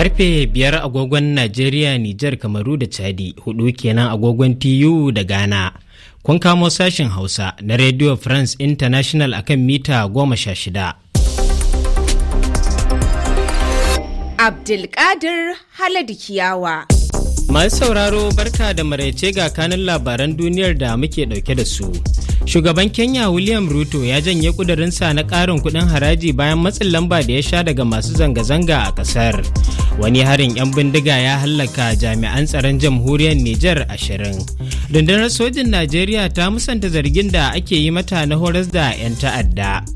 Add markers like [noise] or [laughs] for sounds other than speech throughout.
Karfe biyar agogon Najeriya, Nijar, Kamaru da Chadi, hudu kenan agogon TU da Ghana. Kun kamo sashen Hausa na Radio France International akan mita goma sha shida. Abdulkadir Haladu Kiyawa. Masu sauraro barka da maraice ga kanin labaran duniyar da muke dauke da su. Shugaban Kenya William Ruto ya janye kudurinsa na ƙarin kuɗin haraji bayan matsin lamba da ya sha daga masu zanga-zanga a ƙasar. Wani harin 'yan bindiga ya hallaka jami'an tsaron jamhuriyar Nijar ashirin. Rundunar sojin Najeriya ta musanta zargin da ake yi mata na horas da 'yan ta'adda.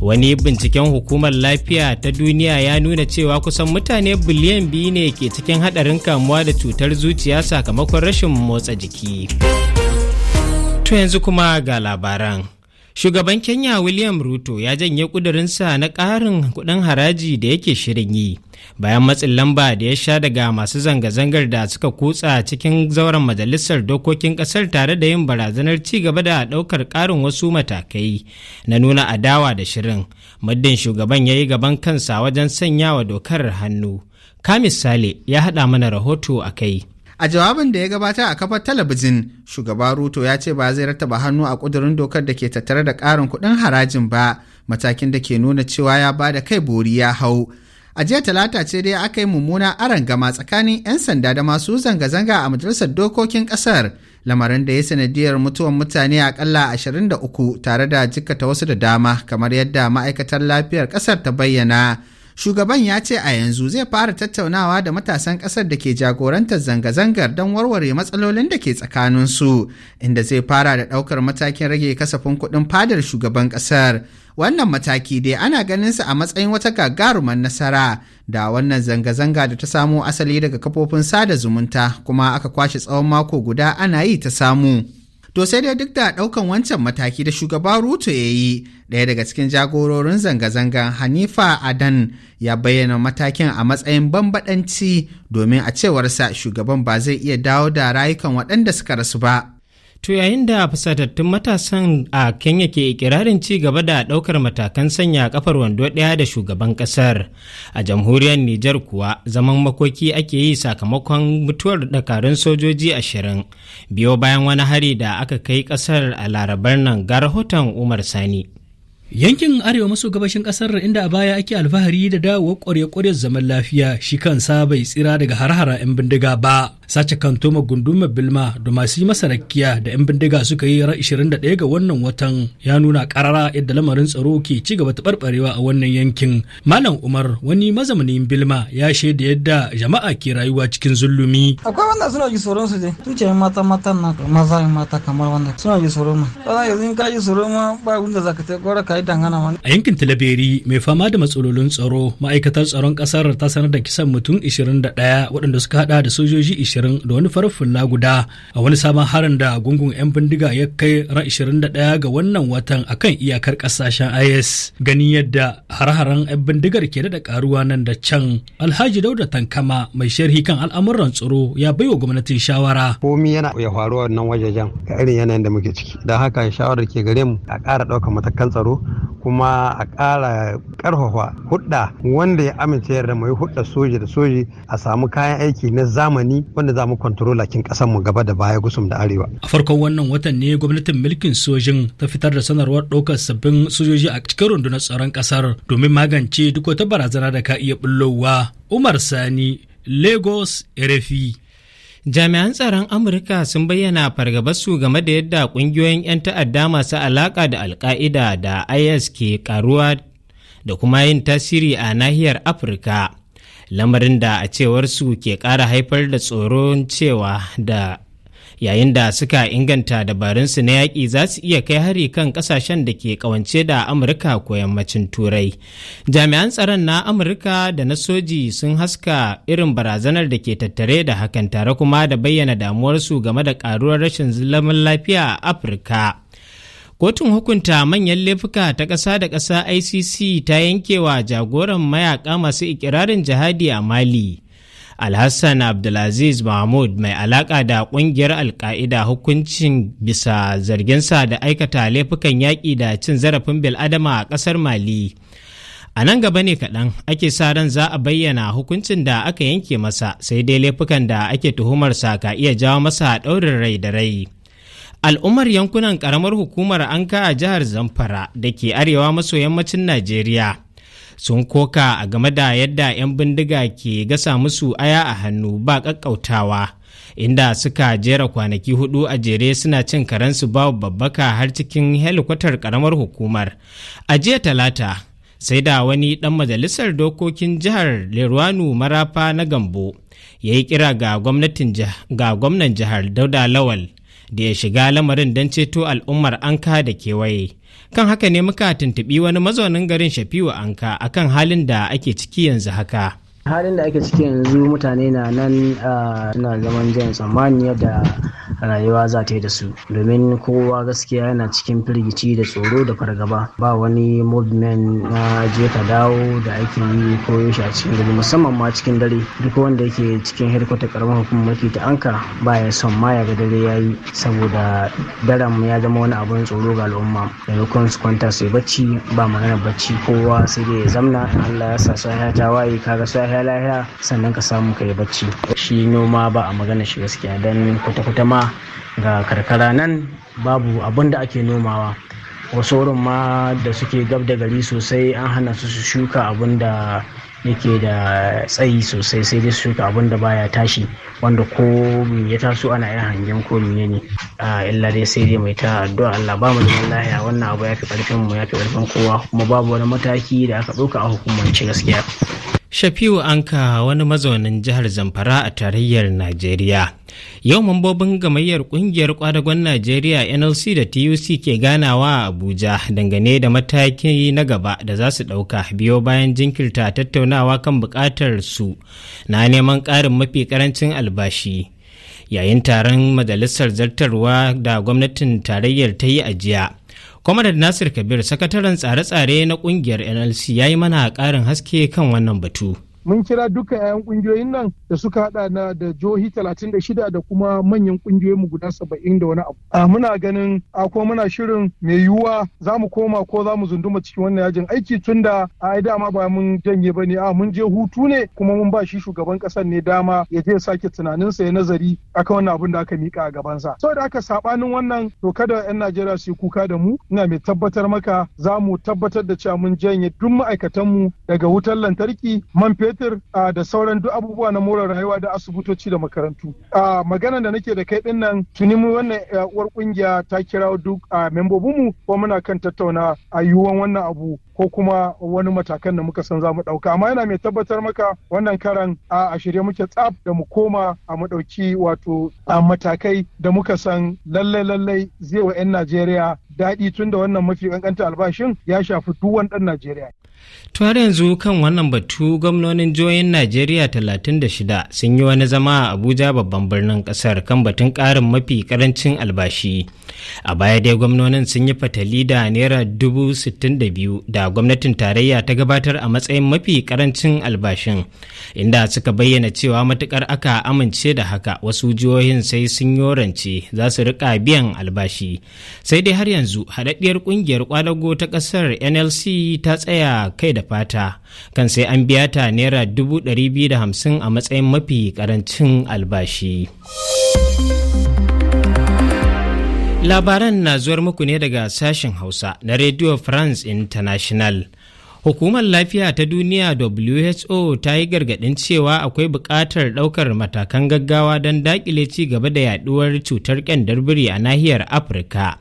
Wani binciken hukumar lafiya ta duniya ya nuna cewa kusan mutane biliyan biyu ne ke cikin haɗarin kamuwa da cutar zuciya sakamakon rashin motsa jiki. To yanzu kuma ga labaran. Shugaban Kenya William Ruto ya janye ƙudurinsa na ƙarin kuɗin haraji da yake shirin yi bayan matsin lamba da ya sha daga masu zanga-zangar da suka kutsa cikin zauren majalisar dokokin ƙasar tare da yin barazanar ci gaba da ɗaukar ƙarin wasu matakai na nuna adawa da shirin. Muddin shugaban ya yi gaban kansa wajen sanya wa dokar hannu. Kamis Sale ya haɗa mana rahoto a kai. a jawabin da ya gabata a kafar talabijin shugaba ruto ya ce ba zai rattaba hannu a kudurin dokar da ke tattare da ƙarin kuɗin harajin ba matakin da ke nuna cewa ya ba da kai bori ya hau a jiya talata ce dai aka yi mummuna gama tsakanin 'yan sanda da masu zanga-zanga a majalisar dokokin ƙasar, lamarin da ya sanadiyar mutuwan mutane akalla uku, tare da jikkata wasu da dama kamar yadda ma'aikatar lafiyar ƙasar ta bayyana shugaban ya ce a yanzu zai fara tattaunawa da matasan ƙasar da ke jagorantar zanga-zangar don warware matsalolin da ke tsakaninsu inda zai fara da ɗaukar matakin rage kasafin kuɗin fadar shugaban ƙasar wannan mataki dai ana ganin sa a matsayin wata gagarumar nasara da wannan zanga-zanga da ta samo asali daga kafofin sada zumunta kuma aka kwashe tsawon mako guda ana yi ta samu. To sai dai duk da ɗaukan wancan mataki da shugaba Ruto ya yi, ɗaya daga cikin jagororin zanga-zanga Hanifa Adan ya bayyana matakin a matsayin bambaɗanci domin a cewarsa shugaban ba zai iya dawo da rayukan waɗanda suka rasu ba. To yayin da fusatattun matasan a Kenya ke ikirarin ci gaba da ɗaukar matakan sanya kafar wando ɗaya da shugaban ƙasar. A jamhuriyar Nijar kuwa zaman makoki ake yi sakamakon mutuwar dakarun sojoji ashirin. Biyo bayan wani hari da aka kai ƙasar a larabar nan ga rahoton Umar Sani. Yankin arewa maso gabashin kasar inda a baya ake alfahari da dawowa kwarya-kwaryar zaman lafiya shi kansa bai tsira daga harhara 'yan bindiga ba. Sace kantoma gunduma bilma da masu masa rakiya da 'yan bindiga suka yi ra 21 ga wannan watan ya nuna karara yadda lamarin tsaro ke ci gaba ta barbarewa a wannan yankin. Malam Umar wani mazamanin bilma ya shaida yadda jama'a ke rayuwa cikin zulumi. Akwai wanda suna ji tsoron su je. Tuce mata mata na maza mata kamar wanda suna ji tsoron ma. Yanzu in ka ji tsoron ma ba wanda zaka ta idan ana wani. A yankin Tilaberi mai fama da matsalolin tsaro ma'aikatar tsaron kasar ta sanar da kisan mutum 21 waɗanda suka hada da sojoji 20 da wani farfin guda a wani sabon harin da gungun 'yan bindiga ya kai ran 21 ga wannan watan akan iyakar kasashen IS. Gani yadda har-haren 'yan bindigar ke da karuwa nan da can. Alhaji Dauda Tankama mai sharhi kan al'amuran tsaro ya baiwa gwamnatin shawara. Komi yana ya faruwa nan wajajen ga irin yanayin da muke ciki. Da haka shawarar ke gare mu a ƙara ɗaukar matakan tsaro kuma a ƙara ƙarfafa hudda wanda ya amince da mai hudda soji da soji a samu kayan aiki na zamani wanda za mu kontrola kin ƙasar mu gaba da baya gusum da arewa. A farkon wannan watan ne gwamnatin mulkin sojin ta fitar da sanarwar ɗaukar sabbin sojoji a cikin rundunar tsaron ƙasar domin magance duk wata barazana da ka iya bullowa. Umar Sani, Lagos, Erefi. Jami'an tsaron Amurka sun bayyana fargabarsu game da yadda ƙungiyoyin 'yan ta'adda masu alaƙa da alka'ida da IS ke ƙaruwa da kuma yin tasiri a nahiyar Afirka, lamarin da a cewar su ke kara haifar da tsoron cewa da yayin da suka inganta dabarunsu na yaƙi za su iya kai hari kan ƙasashen da ke ƙawance da amurka ko yammacin turai jami'an tsaron na amurka da na soji sun haska irin barazanar da ke tattare da hakan tare kuma da bayyana damuwarsu game da ƙaruwar rashin zaman lafiya a afirka Kotun hukunta manyan laifuka ta ƙasa da ƙasa ICC ta yankewa jagoran mayaƙa masu ikirarin jihadi a Mali. alhassan abdulaziz mahmud mai alaka da kungiyar alka'ida hukuncin bisa zarginsa da aikata laifukan yaƙi da cin zarafin biladama a ƙasar mali a nan gaba ne kaɗan ake sa ran za a bayyana hukuncin da aka yanke masa sai dai laifukan da ake tuhumarsa ka iya jawo masa ɗaurin rai da rai al'ummar yankunan ƙaramar hukumar anka a jihar zamfara da ke arewa maso yammacin najeriya sun koka a game da yadda 'yan bindiga ke gasa musu aya a hannu ba ƙaƙƙautawa inda suka jera kwanaki hudu a jere suna cin karensu babu babbaka har cikin helikwatar karamar hukumar a jiya talata sai da wani dan majalisar dokokin jihar lerwanu marafa na gambo ya yi kira ga gwamnan jihar dauda lawal da ya shiga lamarin don ceto al'ummar anka da kewaye kan haka ne muka tuntubi wani mazaunin garin shafiwa anka akan halin da ake ciki yanzu haka halin da ake ciki yanzu mutane na nan a suna zaman jan tsammani yadda rayuwa za ta yi da su domin kowa gaskiya yana cikin firgici da tsoro da fargaba ba wani movement na je ka dawo da ake yi ko yaushe a cikin gari musamman ma cikin dare duk wanda yake cikin hedkwata karamar hukumar mulki ta anka ba ya son ma ya ga dare ya yi saboda daren ya zama wani abun tsoro ga al'umma maimakon su kwanta su yi bacci ba magana bacci kowa sai dai ya zamna allah ya sa sahiya ta waye kaga sahiya kwanta lahiya sannan ka samu ka yi bacci shi noma ba a magana shi gaskiya don kwata-kwata ma ga karkara nan babu abin da ake nomawa wasu wurin ma da suke gab da gari sosai an hana su su shuka abin da yake da tsayi sosai sai dai su shuka abin da baya tashi wanda ko ya taso ana yin hangen ko ne a illa dai sai dai mai ta addu'a Allah ba mu zaman lahiya wannan abu ya fi karfin mu ya fi karfin kowa kuma babu wani mataki da aka ɗauka a hukumance gaskiya Shafiu Anka wani mazaunin jihar Zamfara a tarayyar Najeriya. Yau mambobin gamayyar kungiyar kwadagon Najeriya NLC da TUC ke ganawa a Abuja dangane da mataki na gaba da za su ɗauka biyo bayan jinkirta tattaunawa kan buƙatar su na neman ƙarin mafi ƙarancin albashi. Yayin taron majalisar zartarwa da gwamnatin tarayyar ta yi a jiya. Kwamanar Nasir Kabir, sakataren tsare-tsare na kungiyar NLC ya yi mana ƙarin haske kan wannan batu. mun kira duka 'ya'yan kungiyoyin nan da suka hada na da jihohi 36 da kuma manyan kungiyoyin mu guda 70 da wani abu a muna ganin a ko muna shirin mai yiwuwa za mu koma ko za mu zunduma cikin wannan yajin aiki tun da a dama ba mun janye ba ne a mun je hutu ne kuma mun ba shi shugaban kasar ne dama ya je sake tunaninsa ya nazari akan wannan abin da aka mika a gabansa saboda haka sabanin wannan to kada 'yan Najeriya su yi kuka da mu ina mai tabbatar maka za mu tabbatar da cewa mun janye duk ma'aikatanmu daga wutar lantarki man fetur fetur ah, da sauran duk abubuwa na more rayuwa da asibitoci da makarantu a ah, maganan da nake da kai din nan tuni mu wannan eh, uwar kungiya ta kira duk a ah, membobinmu ko muna kan tattauna a yiwuwan wannan abu ko kuma wani matakan da muka san za mu ɗauka amma yana mai tabbatar maka wannan karan a shirye muke tsaf da mu koma a mu ɗauki wato matakai da muka san lallai lallai zai wa 'yan najeriya daɗi tun da wannan mafi kankanta albashin ya shafi duk wani ɗan najeriya har yanzu kan wannan batu gwamnonin jihohin Najeriya 36 sun yi wani zama a Abuja babban birnin kasar kan batun ƙarin mafi ƙarancin albashi. a baya dai gwamnonin sun yi fatali da naira dubu sittin da biyu da gwamnatin tarayya ta gabatar a matsayin mafi karancin albashin inda suka bayyana cewa matukar aka amince da haka wasu jihohin sai sun yorance za su rika biyan albashi sai dai har yanzu haɗaɗɗiyar ƙungiyar kwadago ta ƙasar nlc ta tsaya kai da fata kan sai an biya ta naira dubu ɗari biyu da hamsin a matsayin mafi ƙarancin albashi. Labaran na zuwar muku ne daga sashen Hausa na Radio France International. Hukumar Lafiya ta Duniya WHO ta yi gargaɗin cewa akwai buƙatar ɗaukar matakan gaggawa don daƙile ci gaba da yaɗuwar cutar ƙyandar biri a nahiyar Afirka.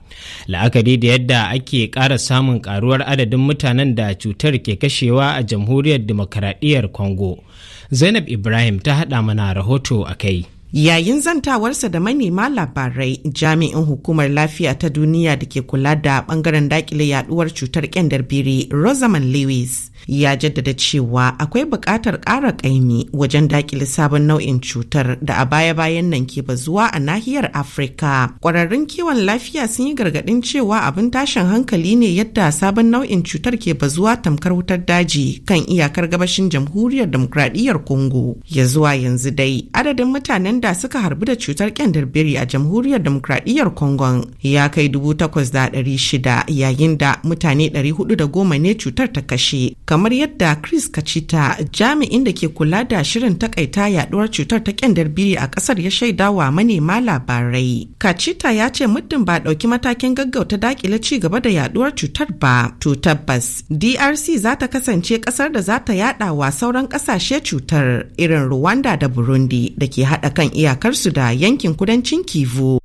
La'akari da yadda ake ƙara samun ƙaruwar adadin mutanen da cutar ke kashewa a jamhuriyar Dimokuraɗiyyar Congo. Zainab Ibrahim ta haɗa mana rahoto a kai. Yayin zantawarsa da manema labarai jami'in hukumar lafiya ta duniya da ke kula da bangaren dakile yaduwar cutar kyandar biri Rosamond Lewis ya jaddada cewa akwai buƙatar ƙara ƙaimi wajen dakile sabon nau'in cutar da a baya-bayan nan ke bazuwa a nahiyar Afirka. Kwararrun kiwon lafiya sun yi gargaɗin cewa abin tashin hankali ne yadda sabon nau'in cutar ke bazuwa tamkar wutar daji kan iyakar gabashin jamhuriyar demokradiyyar Congo. Ya zuwa yanzu dai adadin mutanen waɗanda suka harbu da cutar kyandar biri a jamhuriyar demokradiyyar Congo ya kai dubu takwas da ɗari shida yayin da mutane ɗari hudu da goma ne cutar ta kashe. Kamar yadda Chris Kachita jami'in da ke kula da shirin takaita yaduwar cutar ta kyandar biri a ƙasar ya shaida wa manema labarai. Kachita ya ce muddin ba ɗauki matakin gaggauta dakile ci gaba da yaduwar cutar ba. To tabbas DRC za ta kasance ƙasar da za ta yada wa sauran ƙasashe cutar irin Rwanda da Burundi da ke haɗa kan kan iyakarsu da yankin kudancin Kivu.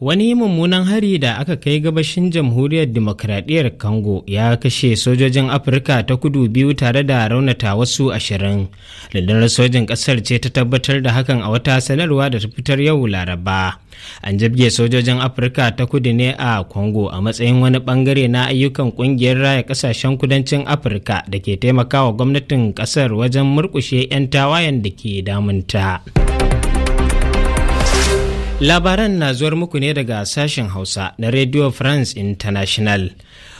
Wani mummunan hari da aka kai gabashin jamhuriyar demokradiyyar kango ya kashe sojojin Afirka ta kudu biyu tare da raunata wasu ashirin. Rundunar sojin ƙasar ce ta tabbatar da hakan a wata sanarwa da ta fitar yau Laraba. An jibge sojojin Afirka ta kudu ne a kongo a matsayin wani bangare na ayyukan ƙungiyar raya ƙasashen kudancin Afirka da ke taimakawa gwamnatin ƙasar wajen murkushe 'yan tawayen da ke damunta. Labaran na zuwar muku ne daga sashen Hausa na Radio France International.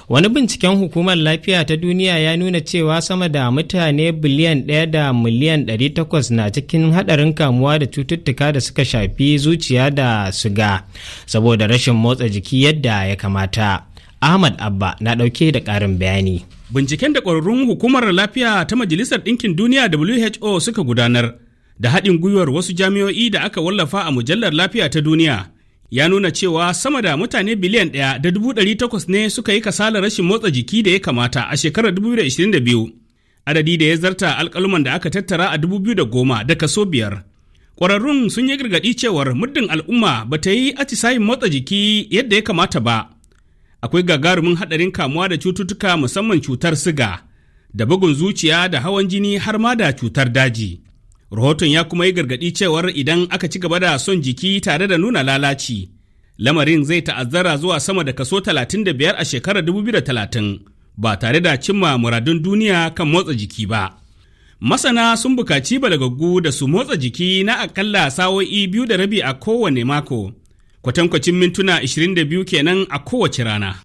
Wani binciken hukumar lafiya ta duniya ya nuna cewa sama da mutane biliyan ɗaya da miliyan ɗari takwas na cikin haɗarin kamuwa da cututtuka da suka shafi zuciya da suga saboda rashin motsa jiki yadda ya kamata. Ahmad Abba na ɗauke da ƙarin bayani. Binciken da ƙwararrun hukumar lafiya ta Majalisar Ɗinkin Duniya WHO suka gudanar da haɗin gwiwar wasu jami'o'i da aka wallafa a mujallar lafiya ta duniya ya nuna cewa sama da mutane biliyan ɗaya da dubu ɗari takwas ne suka yi kasalar rashin motsa jiki da ya kamata a shekarar 2022 adadi da ya zarta alƙaluman da aka tattara a dubu 2010 da goma, kaso biyar ƙwararrun sun yi gargaɗi cewar muddin al'umma ba ta yi atisayin motsa jiki yadda ya kamata ba akwai gagarumin haɗarin kamuwa da cututtuka musamman cutar siga da bugun zuciya da hawan jini har ma da cutar daji. Rahoton ya kuma yi gargaɗi cewar idan aka ci gaba da son jiki tare da nuna lalaci, lamarin zai ta'azzara zuwa sama da kaso 35 a shekarar 2030 ba tare da cimma muradun duniya kan motsa jiki ba. Masana sun bukaci balagaggu da su motsa jiki na akalla sa'o'i biyu da rabi a kowane mako, kwatankwacin mintuna 22 kenan a kowace rana.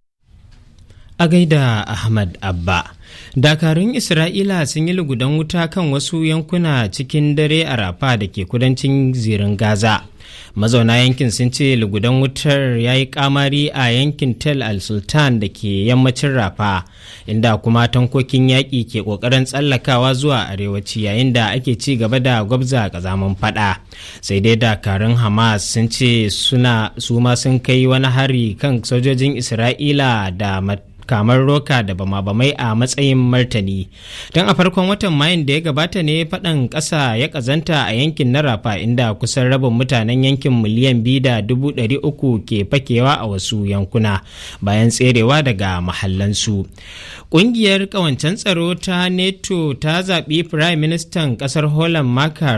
a gaida Ahmad Abba. Dakarun Isra'ila sun yi lugudan wuta kan wasu yankuna cikin dare a rafa da ke kudancin zirin Gaza. Mazauna yankin sun ce lugudan wutar ya yi kamari a yankin Tel al-Sultan da ke yammacin rafa, inda kuma tankokin yaƙi ke ƙoƙarin tsallakawa zuwa arewaci yayin da ake ci gaba da gwabza ƙazamin faɗa. Sai dai dakarun Hamas sun ce suna su ma sun kai wani hari kan sojojin Isra'ila da kamar roka da bama-bamai a matsayin martani don a farkon watan mayun da ya gabata ne faɗan ƙasa ya ƙazanta a yankin na rafa inda kusan rabin mutanen yankin miliyan biyu da dubu ɗari uku ke fakewa a wasu yankuna bayan tserewa daga mahallansu ƙungiyar ƙawancen tsaro ta neto ta zaɓi firayim ministan ƙasar holland marka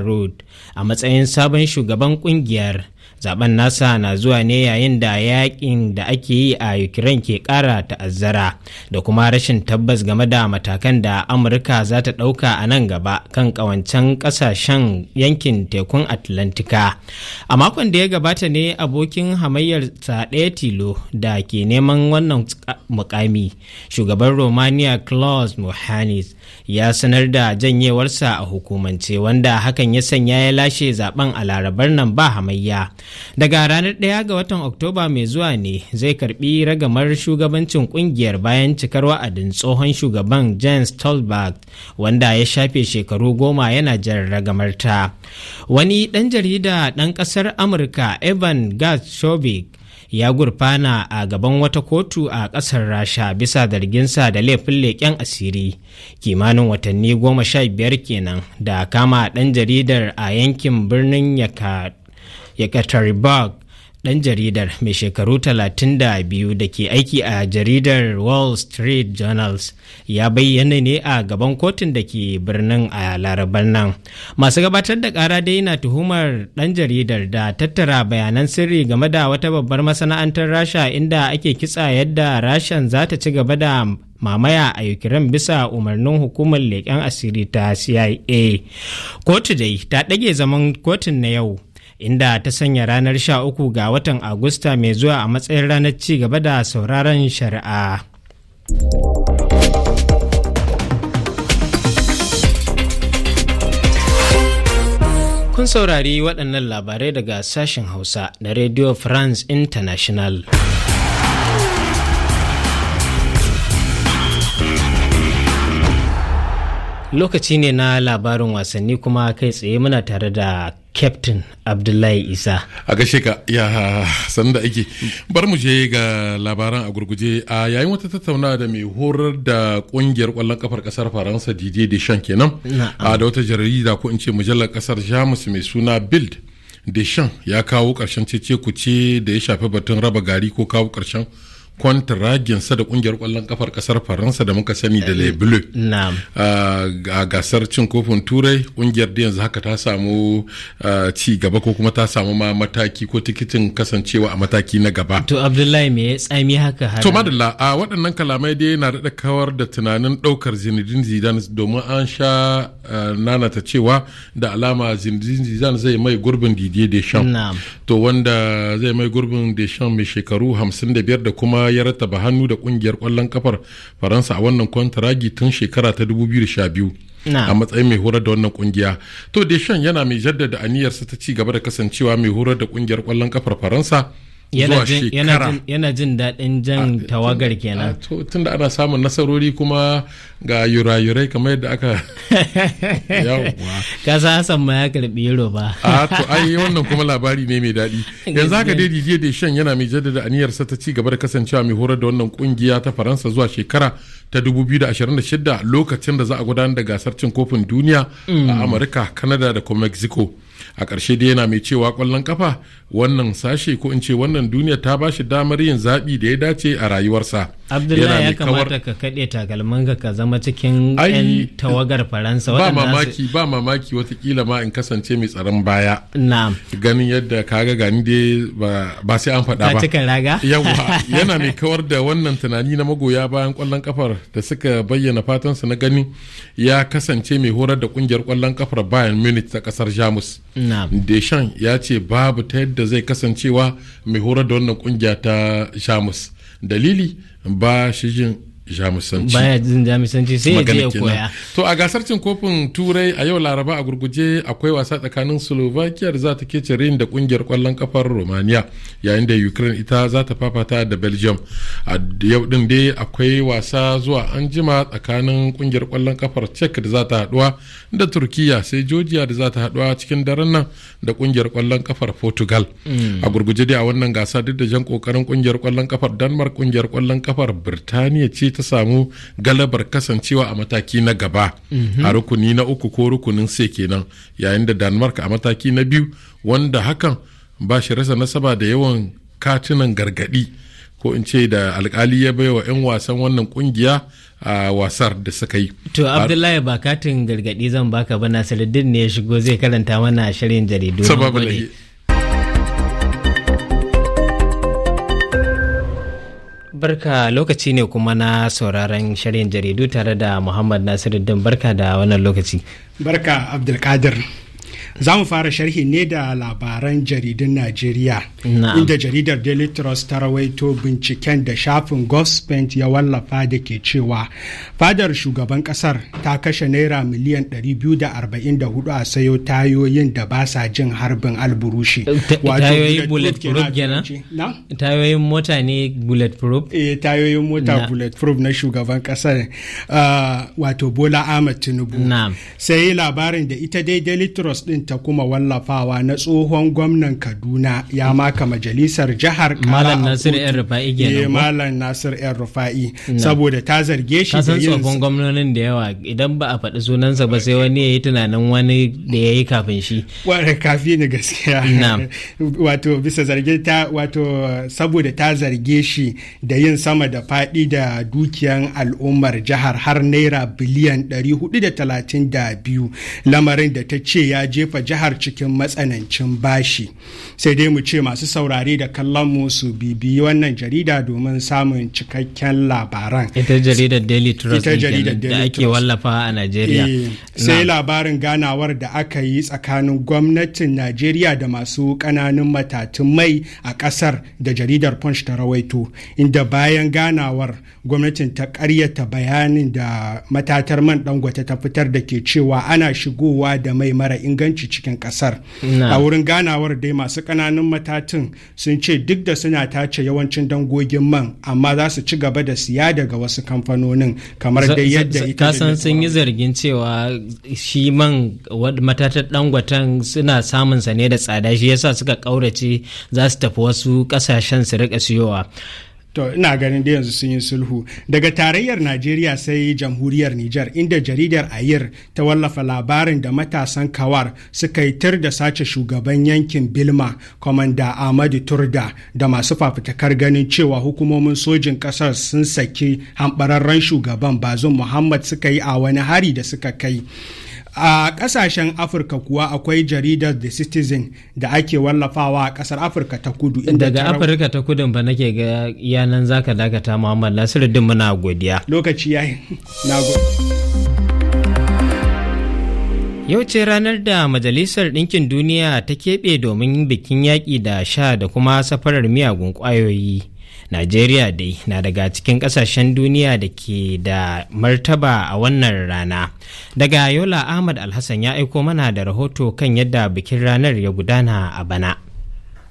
a matsayin sabon shugaban ƙungiyar zaben nasa na zuwa ne yayin da yakin da ake yi a ukraine ke kara ta'azzara da kuma rashin tabbas game da matakan da amurka za ta ɗauka a nan gaba kan ƙawancen ƙasashen yankin tekun atlantika a makon da ya gabata ne abokin hamayyar ɗaya tilo da ke neman wannan mukami shugaban romania claus mohanis ya sanar da janyewarsa a hukumance wanda hakan ya sanya ya lashe zaben a larabar nan ba hamayya daga ranar ɗaya ga watan oktoba mai zuwa ne zai karbi ragamar shugabancin kungiyar bayan cikar wa'adin tsohon shugaban james stolberg wanda ya shafe shekaru goma yana jan ragamar ta wani ɗan jarida ɗan ƙasar amurka evan gatshobik ya gurfana a gaban wata kotu a ƙasar rasha bisa zarginsa da laifin leƙen asiri kimanin watanni goma sha biyar kenan da kama ɗan jaridar a yankin birnin yaka Yekaterinburg ɗan jaridar mai shekaru 32 da ke aiki a jaridar wall street journals ya bayyana ne a gaban kotun da ke birnin a larabar nan masu gabatar da kara dai na tuhumar ɗan jaridar da tattara bayanan sirri game da wata babbar masana'antar rasha inda ake kitsa yadda rashan za ta ci gaba da mamaya a Ukraine bisa umarnin hukumar leƙen asiri ta CIA. Kotu dai ta ɗage zaman kotun na yau inda ta sanya ranar 13 ga watan Agusta mai zuwa a matsayin ranar ci gaba da sauraron shari'a. Kun saurari waɗannan labarai daga sashen Hausa na Radio France International. lokaci ne na labarin wasanni kuma kai tsaye muna tare da captain abdullahi isa a gashe ka ya sanu da ake bar mu je ga labaran a gurguje a yayin wata tattauna da mai horar da kungiyar kwallon kafar kasar faransa didier shan kenan a da wata jarida ko in ce mujallar kasar jamus mai suna bild deschamps ya kawo karshen cece ce da ya shafi batun raba gari ko kawo karshen kwantaraginsa da kungiyar kwallon kafar kasar faransa da muka sani da le bleu a gasar cin kofin turai kungiyar da yanzu haka ta samu ci gaba ko kuma ta samu ma mataki ko tikitin kasancewa a mataki na gaba to abdullahi me ya tsami haka to madalla a waɗannan kalamai dai na daɗa kawar da tunanin ɗaukar zinedine zidane domin an sha nana ta cewa da alama zinedin zidane zai mai gurbin didier deschamps to wanda zai mai gurbin deschamps mai shekaru 55 da kuma ya rattaba hannu da kungiyar kwallon kafar faransa a wannan kwantaragi tun shekara ta 2012 a matsayin mai horar da wannan kungiya to deshan yana mai jaddada aniyarsa ta ci gaba da kasancewa mai horar da kungiyar kwallon kafar faransa yana jin daɗin jan tawagar kenan tunda ana samun nasarori kuma ga yura-yurai kamar yadda aka [laughs] ka sa hasan ma ya karbi yaro ba a to ai wannan kuma labari ne mai daɗi yanzu haka dai shan shan yana mai jaddada aniyarsa ta ci gaba da kasancewa mai horar da wannan kungiya ta faransa zuwa shekara ta 2026 lokacin da za a gudanar da gasar cin kofin duniya mm. a amurka kanada da kuma mexico a ƙarshe dai yana mai cewa ƙwallon kafa wannan sashe ko in ce wannan duniya ta ba shi damar yin zaɓi da ya dace a rayuwarsa abdullahi ya kamata ka kaɗe takalmanka ka zama cikin 'yan tawagar faransa ba mamaki ba mamaki watakila ma in kasance mai tsaron baya ganin yadda kaga gani dai ba sai an faɗa ba cika raga yawa [laughs] yana mai kawar da wannan tunani na magoya bayan ƙwallon kafar da suka bayyana fatansa na gani ya kasance mai horar da ƙungiyar ƙwallon kafar bayan munich ta ƙasar jamus deshan ya ce babu ta yadda zai kasancewa mai horar da wannan kungiya ta shamus dalili ba shi jin jamusanci ya jin jamusanci sai ya je ya koya to a gasar cin kofin turai a yau laraba a gurguje akwai wasa tsakanin slovakia da za ta ke rin da kungiyar kwallon kafar romania yayin da ukraine ita za ta fafata da belgium a yau din dai akwai wasa zuwa anjima tsakanin kungiyar kwallon kafar czech da za ta haduwa da turkiya sai georgia da za ta haduwa cikin daren nan da kungiyar kwallon kafar portugal mm. a gurguje dai a wannan gasa duk da jan kokarin kungiyar kwallon kafar denmark kungiyar kwallon kafar birtaniya ce ta samu galabar kasancewa a mataki na gaba mhm. a rukuni na uku ko rukunin sai kenan yayin da danmark a mataki na biyu wanda hakan ba shi rasa nasaba da yawan katunan gargadi ko in ce da alkali ya baiwa 'yan wasan wannan kungiya a wasar da suka yi. To Abdullahi ba katin gargadi zan baka ba Nasiruddin ne ya shigo zai karanta mana shirin jaridu. barka lokaci ne kuma na sauraron shirin jaridu tare da muhammad nasiruddin barka da wannan lokaci barka abdulkadir za mu fara sharhi ne da labaran jaridun najeriya inda jaridar daily trust ta rawaito binciken da shafin gospent ya wallafa da ke cewa fadar shugaban kasar ta kashe naira miliyan 244 a sayo tayoyin da ba sa jin harbin alburushi tayoyin mota ne bulletproof eh, tayoyin mota bulletproof na shugaban kasar ah, wato bola ahmed tinubu sai labarin da ita dai daily trust din ta kuma wallafawa na tsohon gwamnan kaduna ya maka majalisar jihar malam nasir yan rufa'i kenan eh, malam nasir yan rufa'i saboda ta zarge shi da yin tsohon gwamnonin da yawa idan ba a faɗi sunansa ba sai wani ya yi tunanin wani da ya yi kafin shi kafi ne gaskiya [laughs] wato bisa zarge ta wato saboda ta zarge shi da yin sama da faɗi da dukiyan al'ummar jihar har naira biliyan 432 lamarin da ta ce ya jefa jefa jihar cikin matsanancin bashi sai dai mu ce masu saurari da kallon mu su bibiyi wannan jarida domin samun cikakken labaran ita jaridar daily trust da ake wallafa a nigeria. Eh, sai labarin ganawar da aka yi tsakanin gwamnatin nigeria da masu kananun matatun mai a kasar da jaridar punch ta rawaito inda bayan ganawar gwamnatin ta karyata bayanin da matatar man dangote ta fitar da ke cewa ana shigowa da mai mara inganci shi cikin kasar a wurin ganawar dai masu ƙananan matatin sun ce duk da suna tace yawancin dangogin man amma za su ci gaba da siya daga wasu kamfanonin kamar dai yadda ita kasan sun yi zargin cewa shi man matatar dangwatan suna samun sa ne da tsada shi yasa suka kaurace za su tafi wasu kasashen su rika siyowa To ina ganin da yanzu sun yi sulhu daga tarayyar Najeriya sai jamhuriyar Nijar inda jaridar Ayir ta wallafa labarin da matasan Kawar suka yi tir da sace shugaban yankin Bilma Komanda Ahmadu Turda da masu fafutakar ganin cewa hukumomin sojin kasar sun saki hambararren shugaban Bazum Muhammad suka yi a wani hari da suka kai. a kasashen afirka kuwa akwai jaridar the citizen da ake wallafawa a kasar afirka ta kudu daga afirka ta Kudu ba nake ga yanan zaka dakata muhammad nasiruddin muna godiya lokaci yayi [laughs] Yau ce ranar da Majalisar Ɗinkin Duniya ta keɓe domin bikin yaƙi da sha da kuma safarar miyagun ƙwayoyi. najeriya dai na daga cikin kasashen duniya da ke da martaba a wannan rana daga yola ahmad alhassan ya aiko mana da rahoto kan yadda bikin ranar ya gudana a bana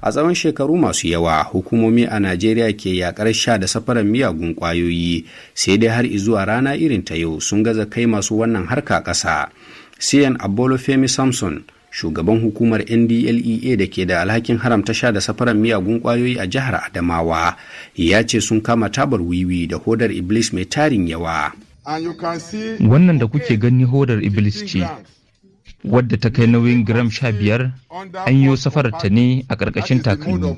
a tsawon shekaru masu yawa hukumomi a najeriya ke yakar sha da safaran miyagun kwayoyi sai dai har izuwa rana irin ta yau sun gaza kai masu wannan harka ƙasa cn abolofemi samson shugaban hukumar ndlea da ke da alhakin haramta sha da safaran miyagun kwayoyi a jihar adamawa ya ce sun kama tabar wiwi da hodar iblis mai tarin yawa wannan da kuke gani hodar iblis ce wadda ta kai nauyin gram sha biyar an yi ta ne a ƙarƙashin takalmi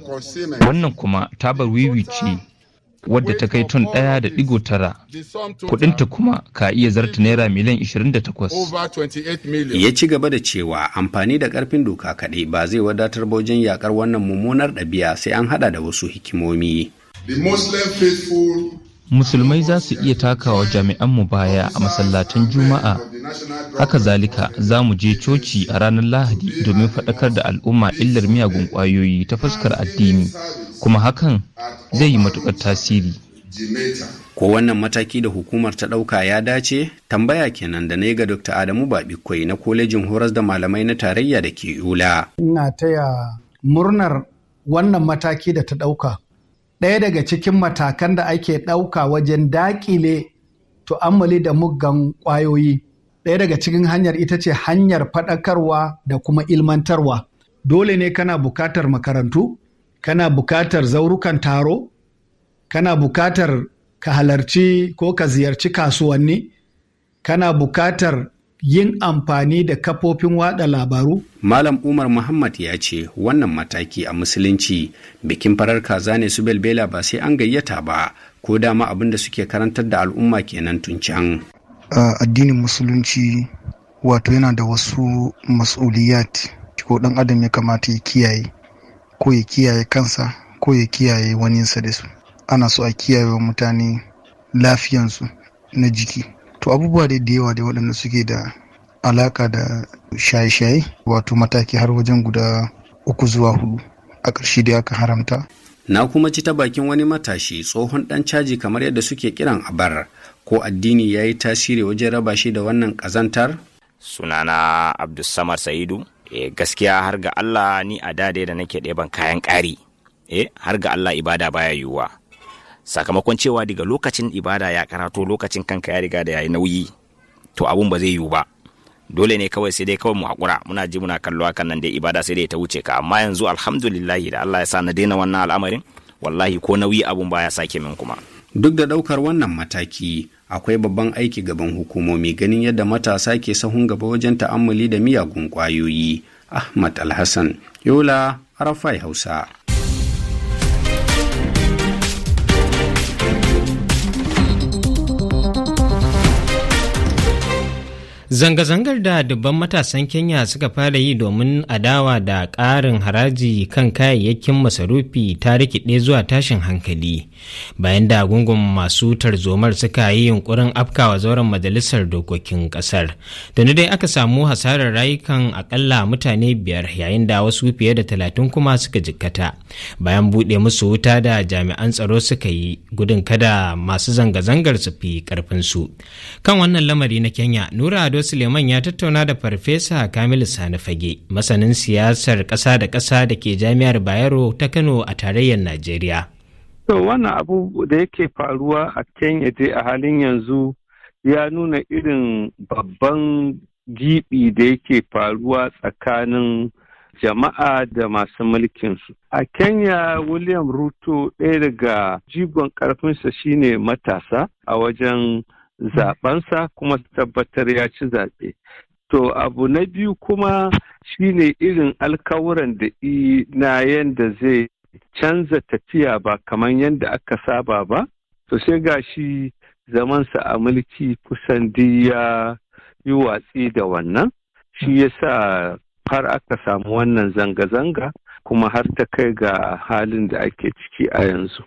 wannan kuma tabar wiwi ce wadda ta kai ton ɗaya da ɗigo tara ta kuma ka iya zarta naira miliyan 28 ya ci gaba da cewa amfani da karfin doka kaɗai ba zai wadatar ba wajen yakar wannan mummunar ɗabi'a sai an hada da wasu hikimomi musulmai za su iya takawa jami'anmu baya a masallatan juma'a haka zalika za mu je coci a ranar lahadi domin faɗakar da al'umma illar miyagun ƙwayoyi ta fuskar addini kuma hakan zai yi matuƙar tasiri ko wannan mataki da hukumar ta ɗauka ya dace tambaya kenan da na yi ga dr adamu babikwai na kolejin horas da malamai na tarayya da ke yula ina taya murnar wannan mataki da ta ɗauka ɗaya daga cikin matakan da ake ɗauka wajen daƙile tu'ammali da muggan ƙwayoyi ɗaya daga cikin hanyar ita ce hanyar faɗakarwa da kuma ilmantarwa dole ne kana buƙatar makarantu kana bukatar zaurukan taro kana bukatar ka halarci ko ka ziyarci kasuwanni kana bukatar yin amfani da kafofin wada labaru? Malam Umar Muhammad ya ce wannan mataki a musulunci bikin farar kaza ne su belbela ba sai an gayyata ba ko dama abin da suke karantar da al'umma kenan tun can. Uh, addinin musulunci wato yana da wasu mas'uliyat ko dan adam ya kamata ya kiyaye ko ya kiyaye kansa ko ya kiyaye waninsa da su ana so a kiyaye wa mutane lafiyansu na jiki to abubuwa da yawa da waɗanda suke da alaka da shaye-shaye wato mataki har wajen guda uku zuwa hudu a ƙarshe da aka haramta na kuma ci ta bakin wani matashi tsohon dan caji kamar yadda suke kiran a abar ko addini ya yi tasiri wajen raba shi da wannan ƙazantar sunana abdulsamar sa'idu e, gaskiya har ga Allah ni a da, da nake ɗeban kayan ƙari e, har ga Allah ibada baya yiwuwa sakamakon cewa daga lokacin ibada ya karato lokacin kanka ya riga da yayi nauyi to abun ba zai yiwu ba dole ne kawai sai dai kawai mu hakura muna ji muna kallo kan nan dai ibada sai dai ta wuce ka amma yanzu alhamdulillahi da Allah ya sa na daina wannan al'amarin wallahi ko nauyi abun baya sake min kuma duk da ɗaukar wannan mataki akwai babban aiki gaban hukumomi ganin yadda matasa ke sahun gaba wajen ta'ammali da miyagun ƙwayoyi ahmad alhassan yola arafai hausa Zanga-zangar da dubban matasan Kenya suka fara yi domin adawa da ƙarin haraji kan kayayyakin masarufi ta rikide zuwa tashin hankali. Bayan da gungun masu tarzomar suka yi yunkurin afkawa zauren majalisar dokokin ƙasar. Tuni dai aka samu hasarar rayukan akalla mutane biyar yayin da wasu fiye da talatin kuma suka jikkata. Bayan buɗe musu wuta da jami'an tsaro suka yi gudun kada masu zanga-zangar su fi ƙarfinsu. Kan wannan lamari na Kenya, Nura Ado Suleiman ya tattauna da Farfesa Kamilu Sani Fage, masanin siyasar ƙasa da ƙasa da ke Jami'ar Bayero ta Kano a tarayyar Najeriya. To wannan abu da yake faruwa a Kenya dai a halin yanzu ya nuna irin babban gibi da yake faruwa tsakanin jama'a da masu mulkinsu. A Kenya William Ruto ɗaya daga jigon ƙarfinsa shine matasa a wajen zaɓensa kuma tabbatar ya ci zaɓe. To abu na biyu kuma shine irin alkawuran da na yadda zai canza tafiya ba kamar yadda aka saba ba. To sai ga shi zamansa a mulki kusan ya yi watsi da wannan. Shi ya sa har aka samu wannan zanga-zanga kuma har ta kai ga halin da ake ciki a yanzu.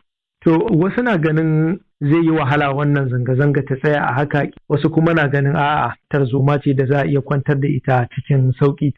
To wasu na ganin zai yi wahala wannan zanga-zanga ta tsaya a haka wasu kuma na ganin a'a tarzoma ce da za a iya kwantar da ita cikin sauƙi.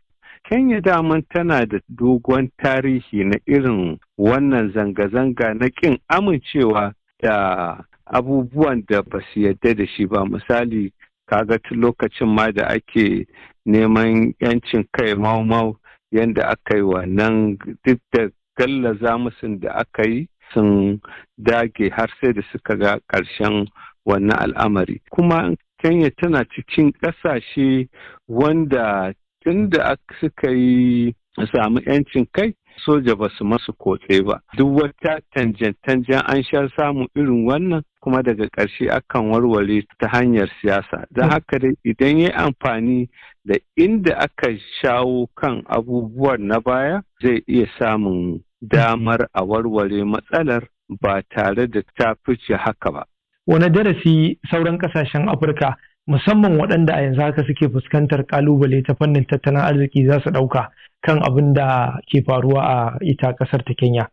Kenya daman tana da dogon tarihi na irin wannan zanga-zanga na ƙin amincewa da abubuwan da ba su yarda da shi ba misali kaga lokacin ma da ake neman yancin kai mau-mau yadda aka yi wannan duk da gallaza musun da aka yi sun dage har sai da suka ga ƙarshen wannan al'amari kuma kenya tana cikin ƙasashe wanda tun da suka yi samu 'yancin kai soja ba su masu kotse ba duk wata tanjen-tanjen an sha samu irin wannan kuma daga ƙarshe akan warware ta hanyar siyasa don haka dai idan ya amfani da inda aka shawo kan abubuwan na baya zai iya samun damar a warware matsalar ba tare da ta fice haka ba. Wani darasi sauran kasashen Afirka musamman waɗanda a yanzu haka suke fuskantar ƙalubale ta fannin tattalin arziki za su ɗauka kan abin da ke faruwa a ita ƙasar ta Kenya.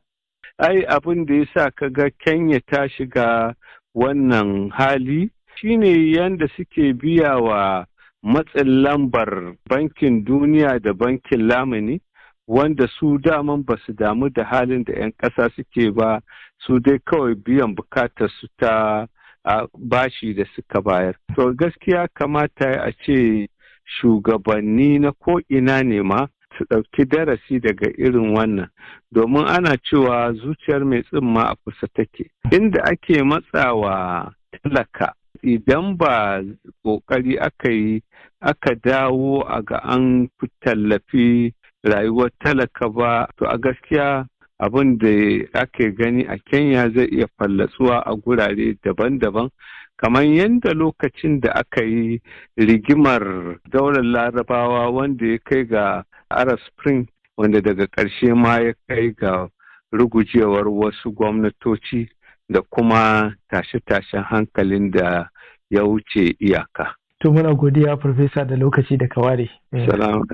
Ai abin da ya sa ka ga Kenya ta shiga wannan hali shine yadda suke biya wa matsin lambar bankin duniya da bankin lamuni wanda su daman ba su damu da halin da 'yan ƙasa suke ba su dai kawai biyan bukatar su ta bashi da suka bayar. To gaskiya kamata a ce shugabanni na ko'ina ne ma su ɗauki darasi daga irin wannan domin ana cewa zuciyar mai tsimma a kusa take inda ake matsawa talaka idan ba ƙoƙari aka yi aka dawo a ga an tallafi rayuwar talaka ba to a gaskiya abin da ake gani a kenya zai iya fallatsuwa a gurare daban-daban kamar yadda lokacin da aka yi rigimar daular larabawa wanda ya kai ga arab spring wanda daga ƙarshe ma ya kai ga rugujewar wasu gwamnatoci da kuma tashe-tashen hankalin da ya wuce iyaka. To muna godiya farfesa da lokaci da kaware. Salamu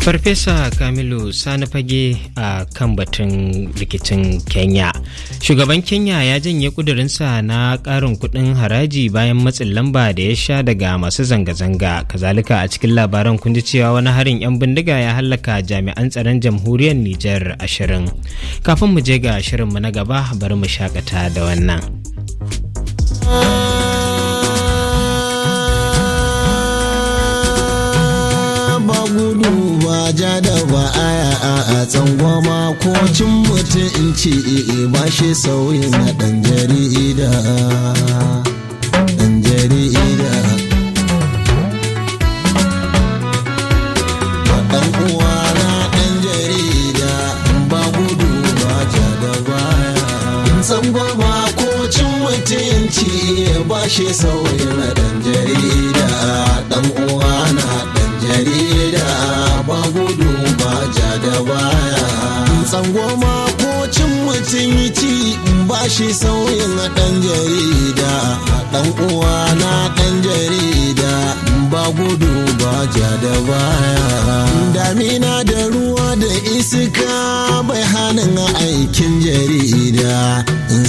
Farfesa Kamilu Sani Fage a kan batun rikicin Kenya. Shugaban Kenya ya janye kudurinsa na ƙarin kuɗin haraji bayan matsin lamba da ya sha daga masu zanga-zanga. Kazalika a cikin labaran kun cewa wani harin 'yan bindiga ya hallaka jami'an tsaron jamhuriyar Nijar ashirin. Kafin mu je ga mu na gaba bari mu shakata da wannan. waja da ba aya a tsangwama ko cin mutum in ce e ba shi sauyi na dan jarida dan jarida dan uwa na dan jarida ba gudu ba ja da ko cin mutum in ba shi sauyi na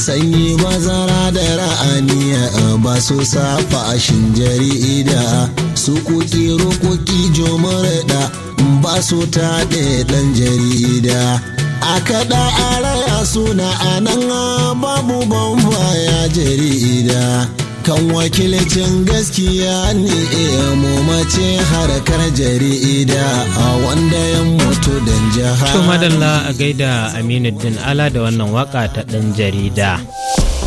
sanyi bazara da ra'aniya ba su safa a jarida su kuki rokoki jomorada ba su taɗe ɗan jarida a kaɗa a raya suna a nan babu bamba ya jarida kan wakilcin gaskiya ne, iya eh, mace harkar jarida a wanda ya mutu dan jihar. To madalla a gaida Aminu Din Ala da wannan waka ta ɗan jarida.